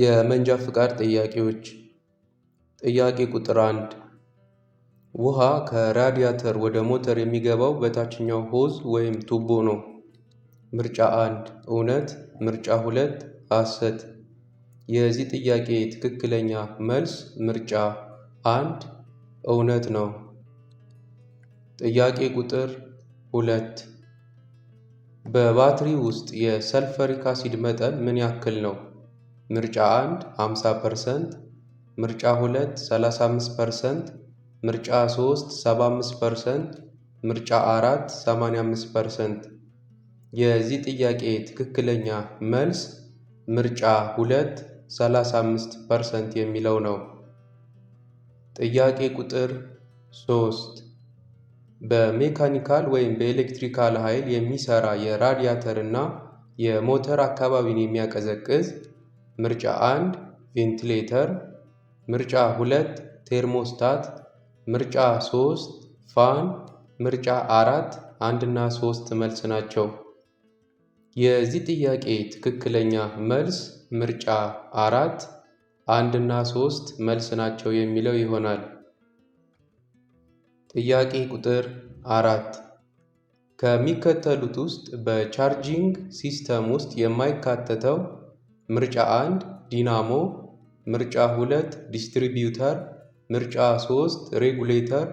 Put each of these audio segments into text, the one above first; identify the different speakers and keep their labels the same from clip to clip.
Speaker 1: የመንጃ ፍቃድ ጥያቄዎች ጥያቄ ቁጥር አንድ ውሃ ከራዲያተር ወደ ሞተር የሚገባው በታችኛው ሆዝ ወይም ቱቦ ነው። ምርጫ አንድ እውነት፣ ምርጫ ሁለት ሐሰት። የዚህ ጥያቄ ትክክለኛ መልስ ምርጫ አንድ እውነት ነው። ጥያቄ ቁጥር ሁለት በባትሪ ውስጥ የሰልፈሪክ አሲድ መጠን ምን ያክል ነው? ምርጫ 1 50%፣ ምርጫ 2 35%፣ ምርጫ 3 75%፣ ምርጫ 4 85%። የዚህ ጥያቄ ትክክለኛ መልስ ምርጫ 2 35% የሚለው ነው። ጥያቄ ቁጥር 3 በሜካኒካል ወይም በኤሌክትሪካል ኃይል የሚሰራ የራዲያተር እና የሞተር አካባቢን የሚያቀዘቅዝ ምርጫ አንድ ቬንቲሌተር፣ ምርጫ ሁለት ቴርሞስታት፣ ምርጫ ሶስት ፋን፣ ምርጫ አራት አንድና ሶስት መልስ ናቸው። የዚህ ጥያቄ ትክክለኛ መልስ ምርጫ አራት አንድ አንድና ሶስት መልስ ናቸው የሚለው ይሆናል። ጥያቄ ቁጥር አራት ከሚከተሉት ውስጥ በቻርጂንግ ሲስተም ውስጥ የማይካተተው ምርጫ አንድ ዲናሞ፣ ምርጫ ሁለት ዲስትሪቢዩተር፣ ምርጫ ሶስት ሬጉሌተር፣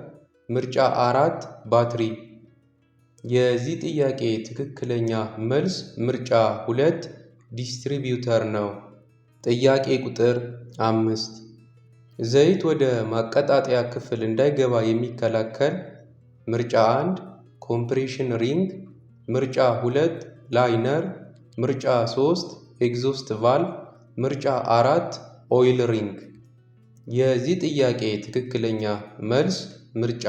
Speaker 1: ምርጫ አራት ባትሪ። የዚህ ጥያቄ ትክክለኛ መልስ ምርጫ ሁለት ዲስትሪቢዩተር ነው። ጥያቄ ቁጥር አምስት ዘይት ወደ ማቀጣጠያ ክፍል እንዳይገባ የሚከላከል ምርጫ አንድ ኮምፕሬሽን ሪንግ፣ ምርጫ ሁለት ላይነር፣ ምርጫ ሶስት ኤግዞስት ቫል ምርጫ አራት ኦይል ሪንግ። የዚህ ጥያቄ ትክክለኛ መልስ ምርጫ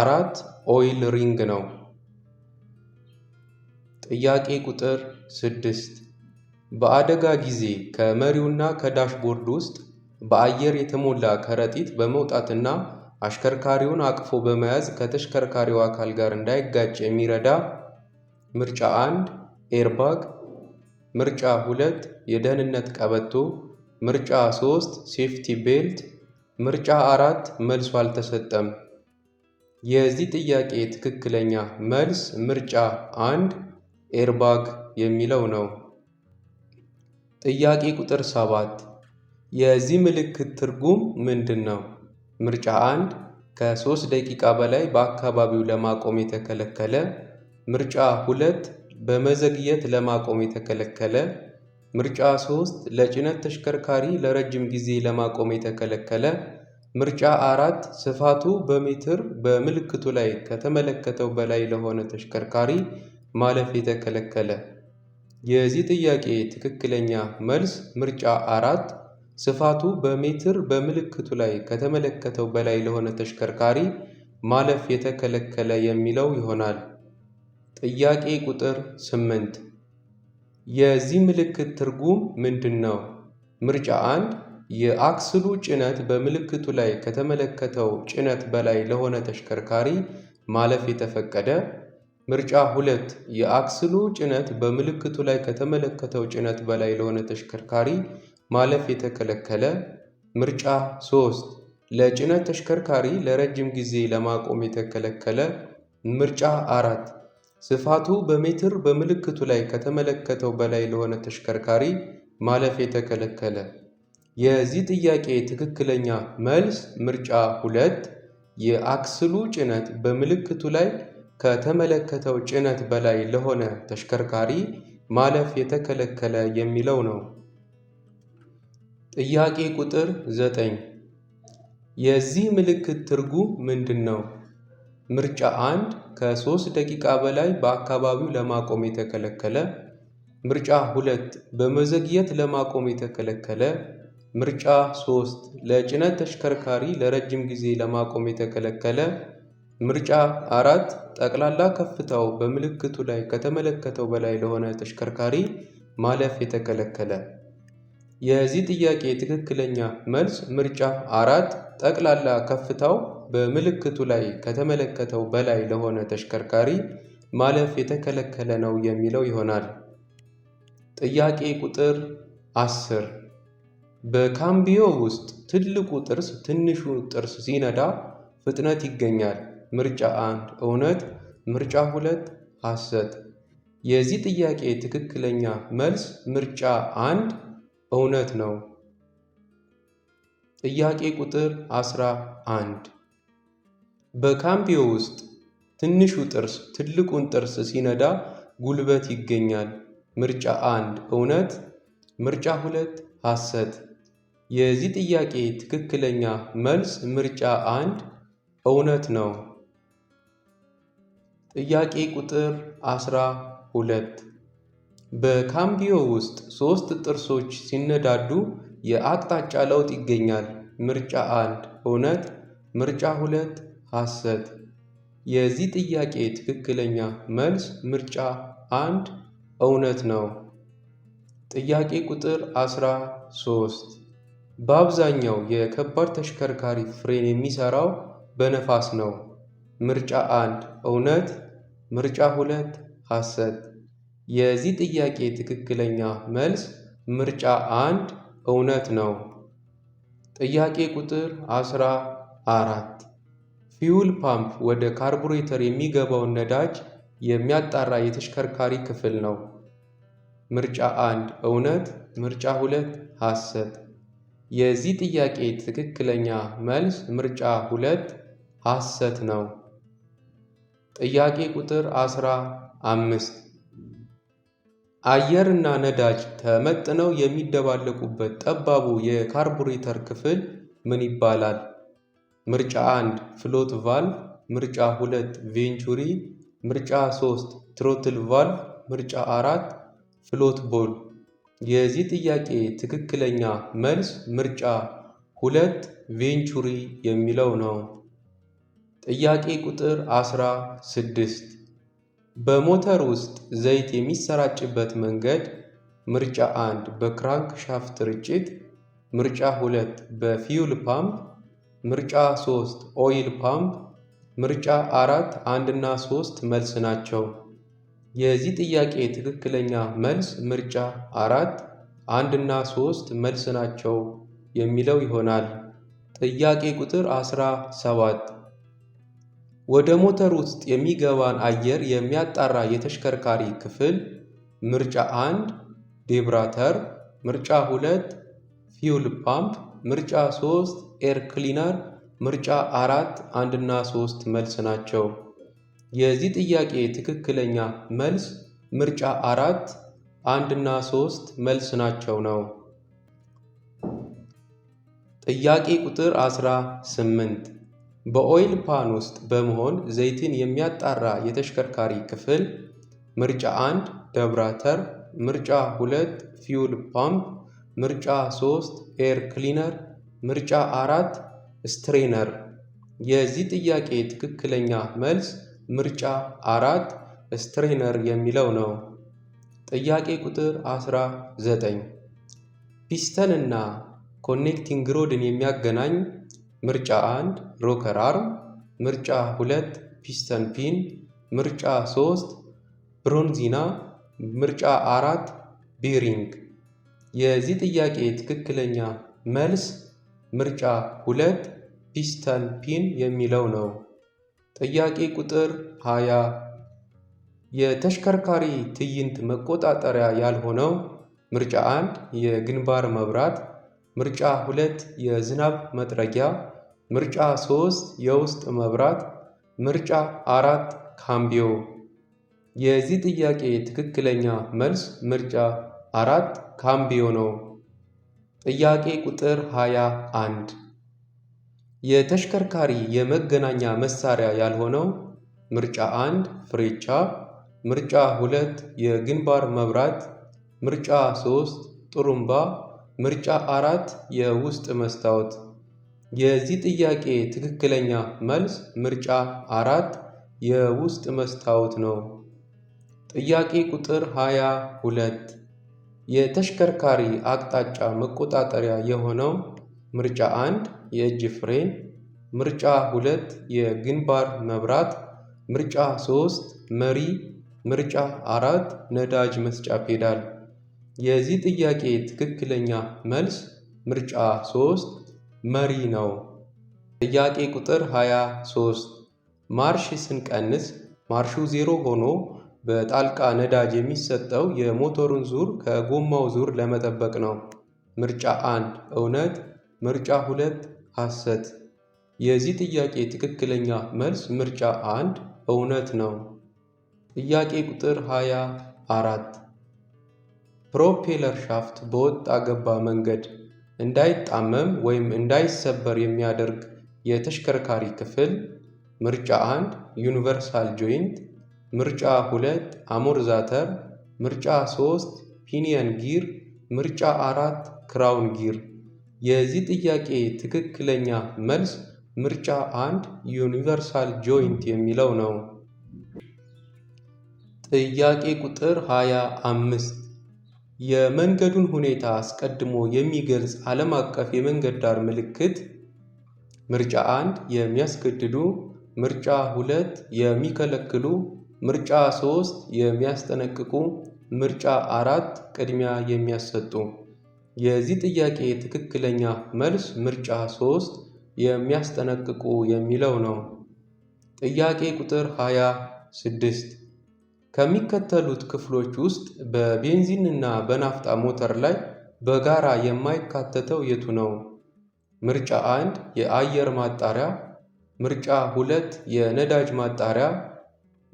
Speaker 1: አራት ኦይል ሪንግ ነው። ጥያቄ ቁጥር ስድስት በአደጋ ጊዜ ከመሪውና ከዳሽቦርድ ውስጥ በአየር የተሞላ ከረጢት በመውጣትና አሽከርካሪውን አቅፎ በመያዝ ከተሽከርካሪው አካል ጋር እንዳይጋጭ የሚረዳ ምርጫ አንድ ኤርባግ ምርጫ ሁለት የደህንነት ቀበቶ፣ ምርጫ ሶስት ሴፍቲ ቤልት፣ ምርጫ አራት መልሱ አልተሰጠም። የዚህ ጥያቄ ትክክለኛ መልስ ምርጫ አንድ ኤርባግ የሚለው ነው። ጥያቄ ቁጥር ሰባት የዚህ ምልክት ትርጉም ምንድን ነው? ምርጫ አንድ ከሶስት ደቂቃ በላይ በአካባቢው ለማቆም የተከለከለ ምርጫ ሁለት በመዘግየት ለማቆም የተከለከለ። ምርጫ 3 ለጭነት ተሽከርካሪ ለረጅም ጊዜ ለማቆም የተከለከለ። ምርጫ አራት ስፋቱ በሜትር በምልክቱ ላይ ከተመለከተው በላይ ለሆነ ተሽከርካሪ ማለፍ የተከለከለ። የዚህ ጥያቄ ትክክለኛ መልስ ምርጫ አራት ስፋቱ በሜትር በምልክቱ ላይ ከተመለከተው በላይ ለሆነ ተሽከርካሪ ማለፍ የተከለከለ የሚለው ይሆናል። ጥያቄ ቁጥር ስምንት የዚህ ምልክት ትርጉም ምንድን ነው? ምርጫ አንድ የአክስሉ ጭነት በምልክቱ ላይ ከተመለከተው ጭነት በላይ ለሆነ ተሽከርካሪ ማለፍ የተፈቀደ። ምርጫ ሁለት የአክስሉ ጭነት በምልክቱ ላይ ከተመለከተው ጭነት በላይ ለሆነ ተሽከርካሪ ማለፍ የተከለከለ። ምርጫ ሶስት ለጭነት ተሽከርካሪ ለረጅም ጊዜ ለማቆም የተከለከለ። ምርጫ አራት ስፋቱ በሜትር በምልክቱ ላይ ከተመለከተው በላይ ለሆነ ተሽከርካሪ ማለፍ የተከለከለ። የዚህ ጥያቄ ትክክለኛ መልስ ምርጫ ሁለት የአክስሉ ጭነት በምልክቱ ላይ ከተመለከተው ጭነት በላይ ለሆነ ተሽከርካሪ ማለፍ የተከለከለ የሚለው ነው። ጥያቄ ቁጥር 9 የዚህ ምልክት ትርጉም ምንድን ነው? ምርጫ አንድ ከሶስት ደቂቃ በላይ በአካባቢው ለማቆም የተከለከለ፣ ምርጫ ሁለት በመዘግየት ለማቆም የተከለከለ፣ ምርጫ ሶስት ለጭነት ተሽከርካሪ ለረጅም ጊዜ ለማቆም የተከለከለ፣ ምርጫ አራት ጠቅላላ ከፍታው በምልክቱ ላይ ከተመለከተው በላይ ለሆነ ተሽከርካሪ ማለፍ የተከለከለ። የዚህ ጥያቄ ትክክለኛ መልስ ምርጫ አራት ጠቅላላ ከፍታው በምልክቱ ላይ ከተመለከተው በላይ ለሆነ ተሽከርካሪ ማለፍ የተከለከለ ነው የሚለው ይሆናል። ጥያቄ ቁጥር 10 በካምቢዮ ውስጥ ትልቁ ጥርስ ትንሹ ጥርስ ሲነዳ ፍጥነት ይገኛል። ምርጫ 1 እውነት፣ ምርጫ 2 ሐሰት። የዚህ ጥያቄ ትክክለኛ መልስ ምርጫ 1 እውነት ነው። ጥያቄ ቁጥር 11 በካምቢዮ ውስጥ ትንሹ ጥርስ ትልቁን ጥርስ ሲነዳ ጉልበት ይገኛል። ምርጫ አንድ እውነት፣ ምርጫ ሁለት ሐሰት። የዚህ ጥያቄ ትክክለኛ መልስ ምርጫ አንድ እውነት ነው። ጥያቄ ቁጥር አስራ ሁለት በካምቢዮ ውስጥ ሶስት ጥርሶች ሲነዳዱ የአቅጣጫ ለውጥ ይገኛል። ምርጫ አንድ እውነት፣ ምርጫ ሁለት ሐሰት። የዚህ ጥያቄ ትክክለኛ መልስ ምርጫ አንድ እውነት ነው። ጥያቄ ቁጥር 13 በአብዛኛው የከባድ ተሽከርካሪ ፍሬን የሚሰራው በነፋስ ነው። ምርጫ አንድ እውነት፣ ምርጫ ሁለት ሐሰት። የዚህ ጥያቄ ትክክለኛ መልስ ምርጫ አንድ እውነት ነው። ጥያቄ ቁጥር 14 ፊውል ፓምፕ ወደ ካርቡሬተር የሚገባውን ነዳጅ የሚያጣራ የተሽከርካሪ ክፍል ነው። ምርጫ 1 እውነት፣ ምርጫ 2 ሐሰት። የዚህ ጥያቄ ትክክለኛ መልስ ምርጫ 2 ሐሰት ነው። ጥያቄ ቁጥር 15 እና ነዳጅ ተመጥነው የሚደባለቁበት ጠባቡ የካርቡሬተር ክፍል ምን ይባላል? ምርጫ 1 ፍሎት ቫልቭ፣ ምርጫ 2 ቬንቹሪ፣ ምርጫ 3 ትሮትል ቫልቭ፣ ምርጫ 4 ፍሎት ቦል። የዚህ ጥያቄ ትክክለኛ መልስ ምርጫ 2 ቬንቹሪ የሚለው ነው። ጥያቄ ቁጥር 16 በሞተር ውስጥ ዘይት የሚሰራጭበት መንገድ ምርጫ 1 በክራንክ ሻፍት ርጭት፣ ምርጫ 2 በፊውል ፓምፕ ምርጫ 3 ኦይል ፓምፕ፣ ምርጫ አራት አንድና ሶስት መልስ ናቸው። የዚህ ጥያቄ ትክክለኛ መልስ ምርጫ አራት አንድና 3 መልስ ናቸው የሚለው ይሆናል። ጥያቄ ቁጥር 17 ወደ ሞተር ውስጥ የሚገባን አየር የሚያጣራ የተሽከርካሪ ክፍል ምርጫ 1 ዴብራተር፣ ምርጫ 2 ፊውል ፓምፕ፣ ምርጫ 3 ኤር ክሊነር ምርጫ አራት አንድና ሶስት መልስ ናቸው። የዚህ ጥያቄ ትክክለኛ መልስ ምርጫ አራት አንድና ሶስት መልስ ናቸው ነው። ጥያቄ ቁጥር 18 በኦይል ፓን ውስጥ በመሆን ዘይትን የሚያጣራ የተሽከርካሪ ክፍል ምርጫ 1 ደብራተር፣ ምርጫ 2 ፊውል ፓምፕ፣ ምርጫ 3 ኤር ክሊነር ምርጫ አራት ስትሬነር። የዚህ ጥያቄ ትክክለኛ መልስ ምርጫ አራት ስትሬነር የሚለው ነው። ጥያቄ ቁጥር 19 ፒስተን እና ኮኔክቲንግ ሮድን የሚያገናኝ ምርጫ 1 ሮከር አርም፣ ምርጫ 2 ፒስተን ፒን፣ ምርጫ 3 ብሮንዚና፣ ምርጫ 4 ቤሪንግ። የዚህ ጥያቄ ትክክለኛ መልስ ምርጫ ሁለት ፒስተን ፒን የሚለው ነው። ጥያቄ ቁጥር 20 የተሽከርካሪ ትዕይንት መቆጣጠሪያ ያልሆነው ምርጫ 1 የግንባር መብራት፣ ምርጫ 2 የዝናብ መጥረጊያ፣ ምርጫ 3 የውስጥ መብራት፣ ምርጫ 4 ካምቢዮ። የዚህ ጥያቄ ትክክለኛ መልስ ምርጫ አራት ካምቢዮ ነው። ጥያቄ ቁጥር 21 የተሽከርካሪ የመገናኛ መሳሪያ ያልሆነው ምርጫ 1 ፍሬቻ፣ ምርጫ 2 የግንባር መብራት፣ ምርጫ 3 ጥሩምባ፣ ምርጫ 4 የውስጥ መስታወት። የዚህ ጥያቄ ትክክለኛ መልስ ምርጫ 4 የውስጥ መስታወት ነው። ጥያቄ ቁጥር 22 የተሽከርካሪ አቅጣጫ መቆጣጠሪያ የሆነው ምርጫ 1 የእጅ ፍሬን፣ ምርጫ 2 የግንባር መብራት፣ ምርጫ 3 መሪ፣ ምርጫ 4 ነዳጅ መስጫ ፔዳል። የዚህ ጥያቄ ትክክለኛ መልስ ምርጫ 3 መሪ ነው። ጥያቄ ቁጥር 23 ማርሽ ስንቀንስ ማርሹ ዜሮ ሆኖ በጣልቃ ነዳጅ የሚሰጠው የሞተሩን ዙር ከጎማው ዙር ለመጠበቅ ነው። ምርጫ 1 እውነት፣ ምርጫ 2 ሐሰት። የዚህ ጥያቄ ትክክለኛ መልስ ምርጫ 1 እውነት ነው። ጥያቄ ቁጥር 24 ፕሮፔለር ሻፍት በወጣ ገባ መንገድ እንዳይጣመም ወይም እንዳይሰበር የሚያደርግ የተሽከርካሪ ክፍል ምርጫ 1 ዩኒቨርሳል ጆይንት ምርጫ ሁለት አሞር ዛተር፣ ምርጫ ሶስት ፒኒየን ጊር፣ ምርጫ አራት ክራውን ጊር። የዚህ ጥያቄ ትክክለኛ መልስ ምርጫ አንድ ዩኒቨርሳል ጆይንት የሚለው ነው። ጥያቄ ቁጥር 25 የመንገዱን ሁኔታ አስቀድሞ የሚገልጽ ዓለም አቀፍ የመንገድ ዳር ምልክት ምርጫ አንድ የሚያስገድዱ ምርጫ ሁለት የሚከለክሉ ምርጫ ሶስት የሚያስጠነቅቁ፣ ምርጫ አራት ቅድሚያ የሚያሰጡ። የዚህ ጥያቄ ትክክለኛ መልስ ምርጫ ሶስት የሚያስጠነቅቁ የሚለው ነው። ጥያቄ ቁጥር 26 ከሚከተሉት ክፍሎች ውስጥ በቤንዚንና በናፍጣ ሞተር ላይ በጋራ የማይካተተው የቱ ነው? ምርጫ አንድ የአየር ማጣሪያ፣ ምርጫ ሁለት የነዳጅ ማጣሪያ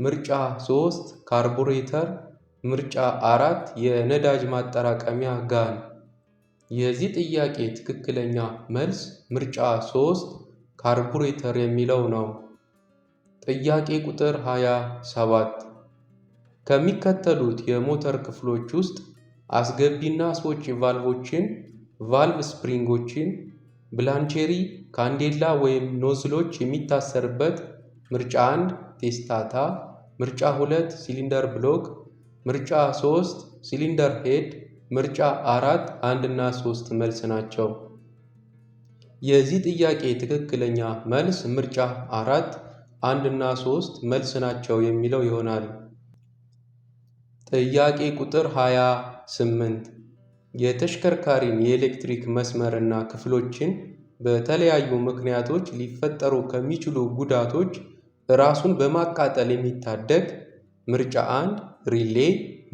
Speaker 1: ምርጫ 3 ካርቡሬተር፣ ምርጫ 4 የነዳጅ ማጠራቀሚያ ጋን። የዚህ ጥያቄ ትክክለኛ መልስ ምርጫ 3 ካርቡሬተር የሚለው ነው። ጥያቄ ቁጥር 27 ከሚከተሉት የሞተር ክፍሎች ውስጥ አስገቢና ሶጪ ቫልቮችን፣ ቫልቭ ስፕሪንጎችን፣ ብላንቼሪ፣ ካንዴላ ወይም ኖዝሎች የሚታሰርበት ምርጫ 1 ቴስታታ ምርጫ ሁለት ሲሊንደር ብሎክ፣ ምርጫ 3 ሲሊንደር ሄድ፣ ምርጫ አራት 1 እና ሶስት መልስ ናቸው። የዚህ ጥያቄ ትክክለኛ መልስ ምርጫ 4 1 እና ሶስት መልስ ናቸው የሚለው ይሆናል። ጥያቄ ቁጥር 28 የተሽከርካሪን የኤሌክትሪክ መስመር ክፍሎችን በተለያዩ ምክንያቶች ሊፈጠሩ ከሚችሉ ጉዳቶች ራሱን በማቃጠል የሚታደግ ምርጫ አንድ ሪሌ፣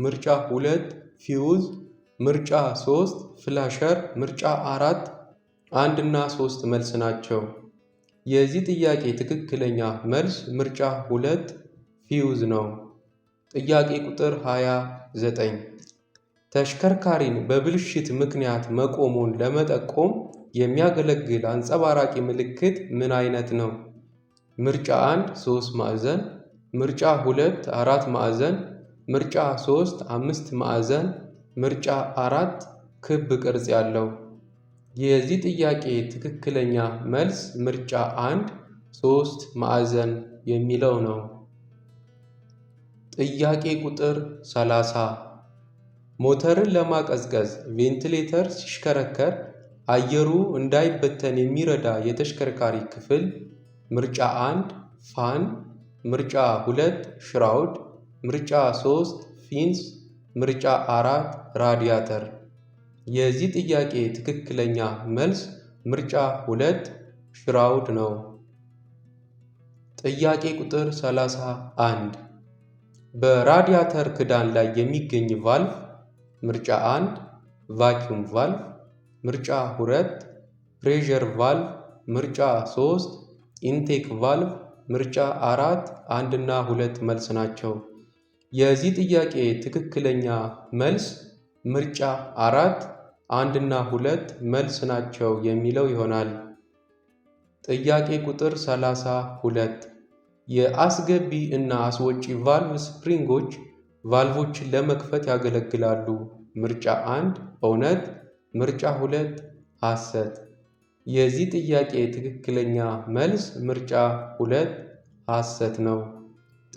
Speaker 1: ምርጫ 2 ፊውዝ፣ ምርጫ ሶስት ፍላሸር፣ ምርጫ አራት አንድ እና ሶስት መልስ ናቸው። የዚህ ጥያቄ ትክክለኛ መልስ ምርጫ 2 ፊውዝ ነው። ጥያቄ ቁጥር 29 ተሽከርካሪን በብልሽት ምክንያት መቆሙን ለመጠቆም የሚያገለግል አንጸባራቂ ምልክት ምን አይነት ነው? ምርጫ አንድ 3 ማዕዘን፣ ምርጫ 2 4 ማዕዘን፣ ምርጫ 3 5 ማዕዘን፣ ምርጫ አራት ክብ ቅርጽ ያለው። የዚህ ጥያቄ ትክክለኛ መልስ ምርጫ 1 3 ማዕዘን የሚለው ነው። ጥያቄ ቁጥር 30 ሞተርን ለማቀዝቀዝ ቬንቲሌተር ሲሽከረከር አየሩ እንዳይበተን የሚረዳ የተሽከርካሪ ክፍል ምርጫ አንድ ፋን፣ ምርጫ ሁለት ሽራውድ፣ ምርጫ ሶስት ፊንስ፣ ምርጫ አራት ራዲያተር። የዚህ ጥያቄ ትክክለኛ መልስ ምርጫ ሁለት ሽራውድ ነው። ጥያቄ ቁጥር 31 በራዲያተር ክዳን ላይ የሚገኝ ቫልቭ ምርጫ 1 ቫኪዩም ቫልቭ፣ ምርጫ 2 ፕሬር ቫልቭ፣ ምርጫ 3 ኢንቴክ ቫልቭ ምርጫ አራት አንድ ሁለት መልስ ናቸው። የዚህ ጥያቄ ትክክለኛ መልስ ምርጫ አራት አንድ ሁለት መልስ ናቸው የሚለው ይሆናል። ጥያቄ ቁጥር 32 የአስገቢ እና አስወጪ ቫልቭ ስፕሪንጎች ቫልቮችን ለመክፈት ያገለግላሉ። ምርጫ አንድ እውነት፣ ምርጫ ሁለት ሐሰት። የዚህ ጥያቄ ትክክለኛ መልስ ምርጫ ሁለት ሐሰት ነው።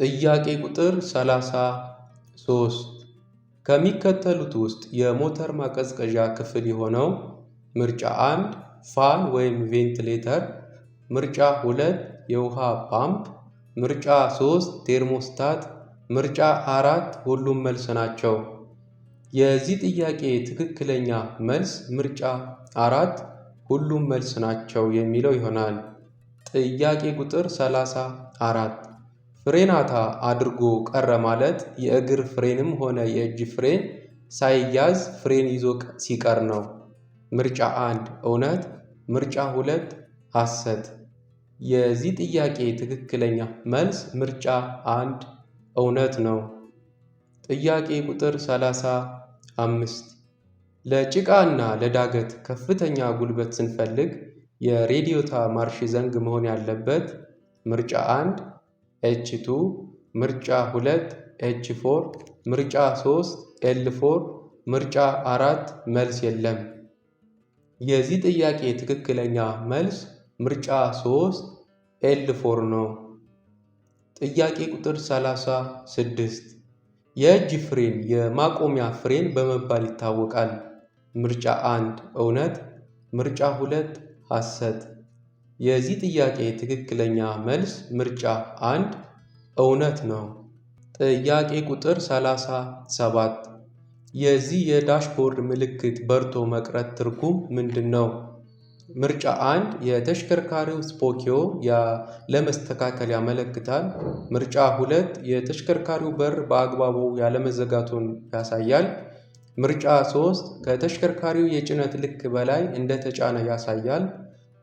Speaker 1: ጥያቄ ቁጥር 33 ከሚከተሉት ውስጥ የሞተር ማቀዝቀዣ ክፍል የሆነው ምርጫ 1 ፋን ወይም ቬንትሌተር፣ ምርጫ 2 የውሃ ፓምፕ፣ ምርጫ 3 ቴርሞስታት፣ ምርጫ አራት ሁሉም መልስ ናቸው። የዚህ ጥያቄ ትክክለኛ መልስ ምርጫ አራት ሁሉም መልስ ናቸው የሚለው ይሆናል። ጥያቄ ቁጥር 34 ፍሬናታ አድርጎ ቀረ ማለት የእግር ፍሬንም ሆነ የእጅ ፍሬን ሳይያዝ ፍሬን ይዞ ሲቀር ነው። ምርጫ 1 እውነት፣ ምርጫ 2 ሐሰት። የዚህ ጥያቄ ትክክለኛ መልስ ምርጫ 1 እውነት ነው። ጥያቄ ቁጥር 35 ለጭቃ እና ለዳገት ከፍተኛ ጉልበት ስንፈልግ የሬዲዮታ ማርሽ ዘንግ መሆን ያለበት ምርጫ 1 ኤች2 ምርጫ 2 ኤች4 ምርጫ 3 ኤል4 ምርጫ 4 መልስ የለም። የዚህ ጥያቄ ትክክለኛ መልስ ምርጫ 3 ኤል4 ነው። ጥያቄ ቁጥር 36 የእጅ ፍሬን የማቆሚያ ፍሬን በመባል ይታወቃል። ምርጫ አንድ እውነት፣ ምርጫ ሁለት ሐሰት። የዚህ ጥያቄ ትክክለኛ መልስ ምርጫ አንድ እውነት ነው። ጥያቄ ቁጥር 37 የዚህ የዳሽቦርድ ምልክት በርቶ መቅረት ትርጉም ምንድን ነው? ምርጫ አንድ የተሽከርካሪው ስፖኪዮ ለመስተካከል ያመለክታል። ምርጫ ሁለት የተሽከርካሪው በር በአግባቡ ያለመዘጋቱን ያሳያል። ምርጫ 3 ከተሽከርካሪው የጭነት ልክ በላይ እንደተጫነ ያሳያል።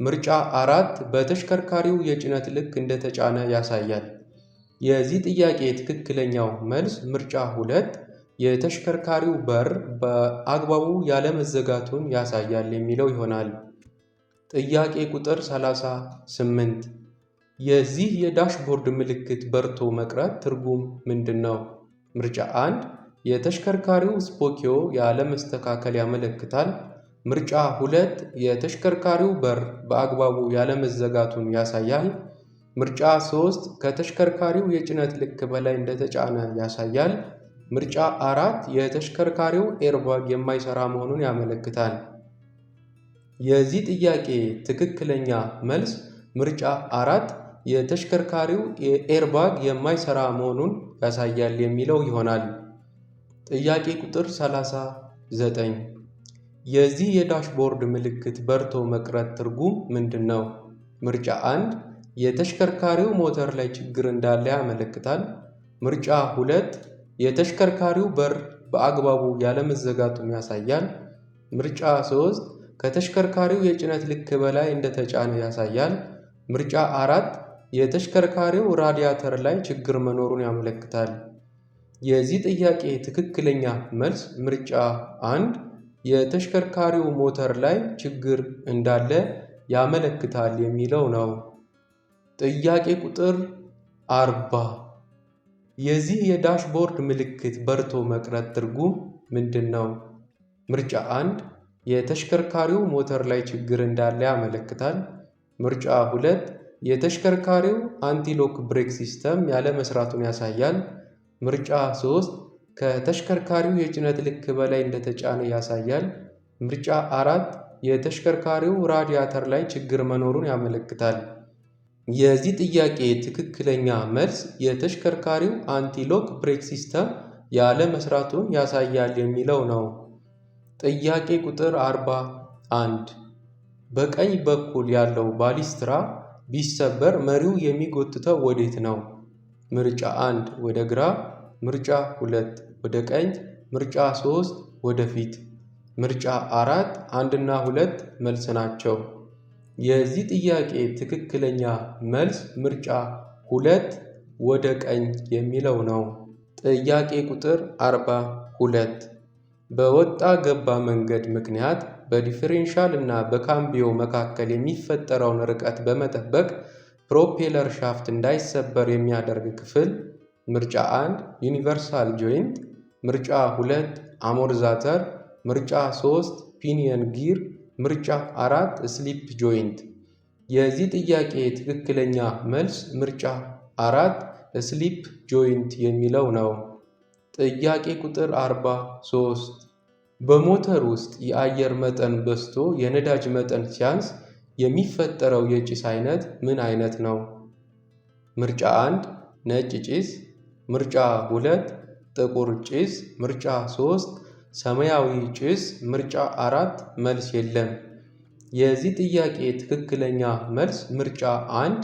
Speaker 1: ምርጫ 4 በተሽከርካሪው የጭነት ልክ እንደተጫነ ያሳያል። የዚህ ጥያቄ ትክክለኛው መልስ ምርጫ 2 የተሽከርካሪው በር በአግባቡ ያለመዘጋቱን ያሳያል የሚለው ይሆናል። ጥያቄ ቁጥር 38 የዚህ የዳሽቦርድ ምልክት በርቶ መቅረት ትርጉም ምንድን ነው? ምርጫ 1 የተሽከርካሪው ስፖኪዮ ያለመስተካከል ያመለክታል። ምርጫ ሁለት የተሽከርካሪው በር በአግባቡ ያለመዘጋቱን ያሳያል። ምርጫ ሶስት ከተሽከርካሪው የጭነት ልክ በላይ እንደተጫነ ያሳያል። ምርጫ አራት የተሽከርካሪው ኤርባግ የማይሰራ መሆኑን ያመለክታል። የዚህ ጥያቄ ትክክለኛ መልስ ምርጫ አራት የተሽከርካሪው የኤርባግ የማይሰራ መሆኑን ያሳያል የሚለው ይሆናል። ጥያቄ ቁጥር 39 የዚህ የዳሽቦርድ ምልክት በርቶ መቅረት ትርጉም ምንድን ነው? ምርጫ 1 የተሽከርካሪው ሞተር ላይ ችግር እንዳለ ያመለክታል። ምርጫ 2 የተሽከርካሪው በር በአግባቡ ያለመዘጋቱን ያሳያል። ምርጫ 3 ከተሽከርካሪው የጭነት ልክ በላይ እንደተጫነ ያሳያል። ምርጫ 4 የተሽከርካሪው ራዲያተር ላይ ችግር መኖሩን ያመለክታል። የዚህ ጥያቄ ትክክለኛ መልስ ምርጫ አንድ የተሽከርካሪው ሞተር ላይ ችግር እንዳለ ያመለክታል የሚለው ነው። ጥያቄ ቁጥር አርባ የዚህ የዳሽቦርድ ምልክት በርቶ መቅረት ትርጉም ምንድን ነው? ምርጫ አንድ የተሽከርካሪው ሞተር ላይ ችግር እንዳለ ያመለክታል። ምርጫ ሁለት የተሽከርካሪው አንቲሎክ ብሬክ ሲስተም ያለ መስራቱን ያሳያል። ምርጫ 3 ከተሽከርካሪው የጭነት ልክ በላይ እንደተጫነ ያሳያል። ምርጫ 4 የተሽከርካሪው ራዲያተር ላይ ችግር መኖሩን ያመለክታል። የዚህ ጥያቄ ትክክለኛ መልስ የተሽከርካሪው አንቲሎክ ብሬክ ሲስተም ያለ መስራቱን ያሳያል የሚለው ነው። ጥያቄ ቁጥር 41 በቀኝ በኩል ያለው ባሊስትራ ቢሰበር መሪው የሚጎትተው ወዴት ነው? ምርጫ 1 ወደ ግራ ምርጫ ሁለት ወደ ቀኝ፣ ምርጫ ሶስት ወደፊት፣ ምርጫ አራት አንድና ሁለት መልስ ናቸው። የዚህ ጥያቄ ትክክለኛ መልስ ምርጫ ሁለት ወደ ቀኝ የሚለው ነው። ጥያቄ ቁጥር አርባ ሁለት በወጣ ገባ መንገድ ምክንያት በዲፍሬንሻል እና በካምቢዮ መካከል የሚፈጠረውን ርቀት በመጠበቅ ፕሮፔለር ሻፍት እንዳይሰበር የሚያደርግ ክፍል ምርጫ 1 ዩኒቨርሳል ጆይንት፣ ምርጫ 2 አሞርዛተር፣ ምርጫ 3 ፒኒየን ጊር፣ ምርጫ 4 ስሊፕ ጆይንት። የዚህ ጥያቄ ትክክለኛ መልስ ምርጫ 4 ስሊፕ ጆይንት የሚለው ነው። ጥያቄ ቁጥር 43 በሞተር ውስጥ የአየር መጠን በዝቶ የነዳጅ መጠን ሲያንስ የሚፈጠረው የጭስ አይነት ምን አይነት ነው? ምርጫ 1 ነጭ ጭስ፣ ምርጫ ሁለት ጥቁር ጭስ፣ ምርጫ ሶስት ሰማያዊ ጭስ፣ ምርጫ አራት መልስ የለም። የዚህ ጥያቄ ትክክለኛ መልስ ምርጫ አንድ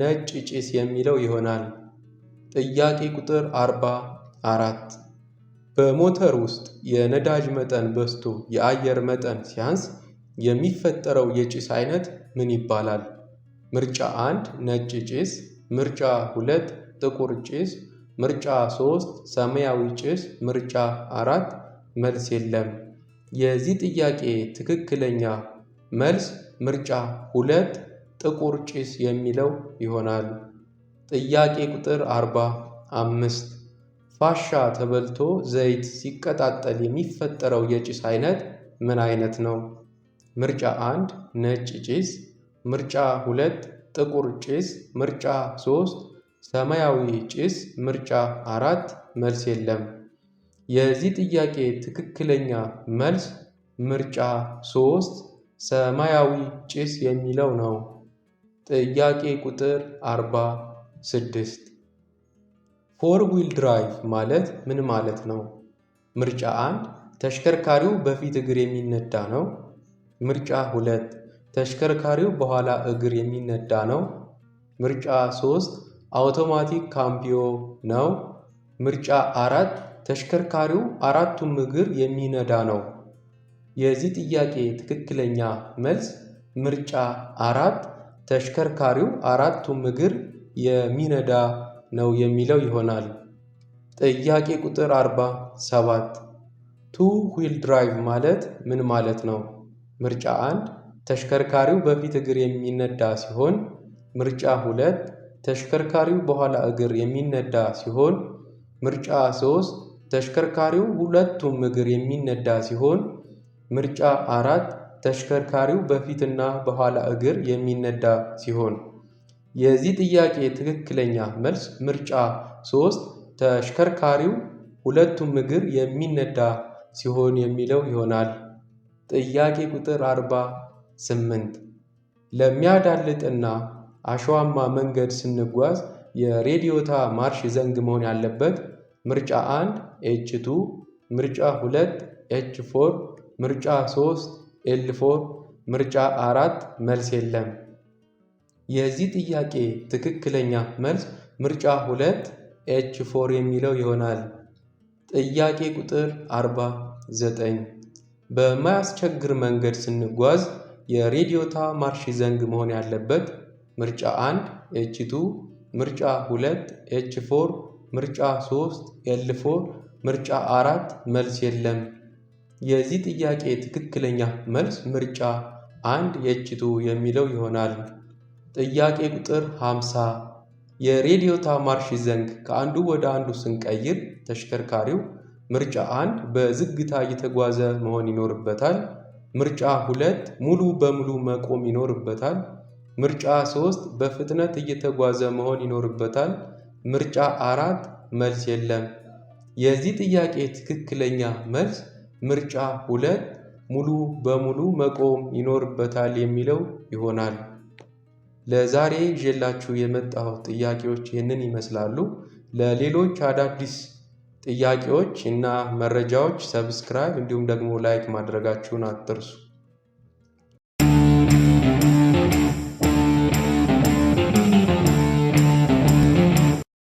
Speaker 1: ነጭ ጭስ የሚለው ይሆናል። ጥያቄ ቁጥር 44። በሞተር ውስጥ የነዳጅ መጠን በዝቶ የአየር መጠን ሲያንስ የሚፈጠረው የጭስ አይነት ምን ይባላል? ምርጫ አንድ ነጭ ጭስ፣ ምርጫ ሁለት ጥቁር ጭስ፣ ምርጫ 3 ሰማያዊ ጭስ፣ ምርጫ 4 መልስ የለም። የዚህ ጥያቄ ትክክለኛ መልስ ምርጫ 2 ጥቁር ጭስ የሚለው ይሆናል። ጥያቄ ቁጥር 45 ፋሻ ተበልቶ ዘይት ሲቀጣጠል የሚፈጠረው የጭስ አይነት ምን አይነት ነው? ምርጫ 1 ነጭ ጭስ፣ ምርጫ 2 ጥቁር ጭስ፣ ምርጫ 3 ሰማያዊ ጭስ ምርጫ አራት መልስ የለም። የዚህ ጥያቄ ትክክለኛ መልስ ምርጫ ሶስት ሰማያዊ ጭስ የሚለው ነው። ጥያቄ ቁጥር ስድስት ፎር ዊል ድራይቭ ማለት ምን ማለት ነው? ምርጫ አንድ ተሽከርካሪው በፊት እግር የሚነዳ ነው። ምርጫ ሁለት ተሽከርካሪው በኋላ እግር የሚነዳ ነው። ምርጫ ሶስት አውቶማቲክ ካምፒዮ ነው። ምርጫ አራት ተሽከርካሪው አራቱም እግር የሚነዳ ነው። የዚህ ጥያቄ ትክክለኛ መልስ ምርጫ አራት ተሽከርካሪው አራቱም እግር የሚነዳ ነው የሚለው ይሆናል። ጥያቄ ቁጥር 47 ቱ ዊል ድራይቭ ማለት ምን ማለት ነው? ምርጫ አንድ ተሽከርካሪው በፊት እግር የሚነዳ ሲሆን፣ ምርጫ ሁለት ተሽከርካሪው በኋላ እግር የሚነዳ ሲሆን ምርጫ ሶስት ተሽከርካሪው ሁለቱም እግር የሚነዳ ሲሆን ምርጫ አራት ተሽከርካሪው በፊትና በኋላ እግር የሚነዳ ሲሆን የዚህ ጥያቄ ትክክለኛ መልስ ምርጫ ሶስት ተሽከርካሪው ሁለቱም እግር የሚነዳ ሲሆን የሚለው ይሆናል። ጥያቄ ቁጥር 48 ለሚያዳልጥና አሸዋማ መንገድ ስንጓዝ የሬዲዮታ ማርሽ ዘንግ መሆን ያለበት ምርጫ 1 ኤች 2 ምርጫ 2 ኤች 4 ምርጫ 3 ኤል 4 ምርጫ 4 መልስ የለም። የዚህ ጥያቄ ትክክለኛ መልስ ምርጫ 2 ኤች 4 የሚለው ይሆናል። ጥያቄ ቁጥር 49 በማያስቸግር መንገድ ስንጓዝ የሬዲዮታ ማርሽ ዘንግ መሆን ያለበት ምርጫ 1 ኤች 2 ምርጫ 2 ኤች 4 ምርጫ 3 ኤል 4 ምርጫ 4 መልስ የለም። የዚህ ጥያቄ ትክክለኛ መልስ ምርጫ 1 ኤች 2 የሚለው ይሆናል። ጥያቄ ቁጥር 50 የሬዲዮ ታማርሽ ዘንግ ከአንዱ ወደ አንዱ ስንቀይር ተሽከርካሪው ምርጫ 1 በዝግታ እየተጓዘ መሆን ይኖርበታል። ምርጫ 2 ሙሉ በሙሉ መቆም ይኖርበታል። ምርጫ ሶስት በፍጥነት እየተጓዘ መሆን ይኖርበታል። ምርጫ አራት መልስ የለም። የዚህ ጥያቄ ትክክለኛ መልስ ምርጫ ሁለት ሙሉ በሙሉ መቆም ይኖርበታል የሚለው ይሆናል። ለዛሬ ይዤላችሁ የመጣሁት ጥያቄዎች ይህንን ይመስላሉ። ለሌሎች አዳዲስ ጥያቄዎች እና መረጃዎች ሰብስክራይብ እንዲሁም ደግሞ ላይክ ማድረጋችሁን አትርሱ።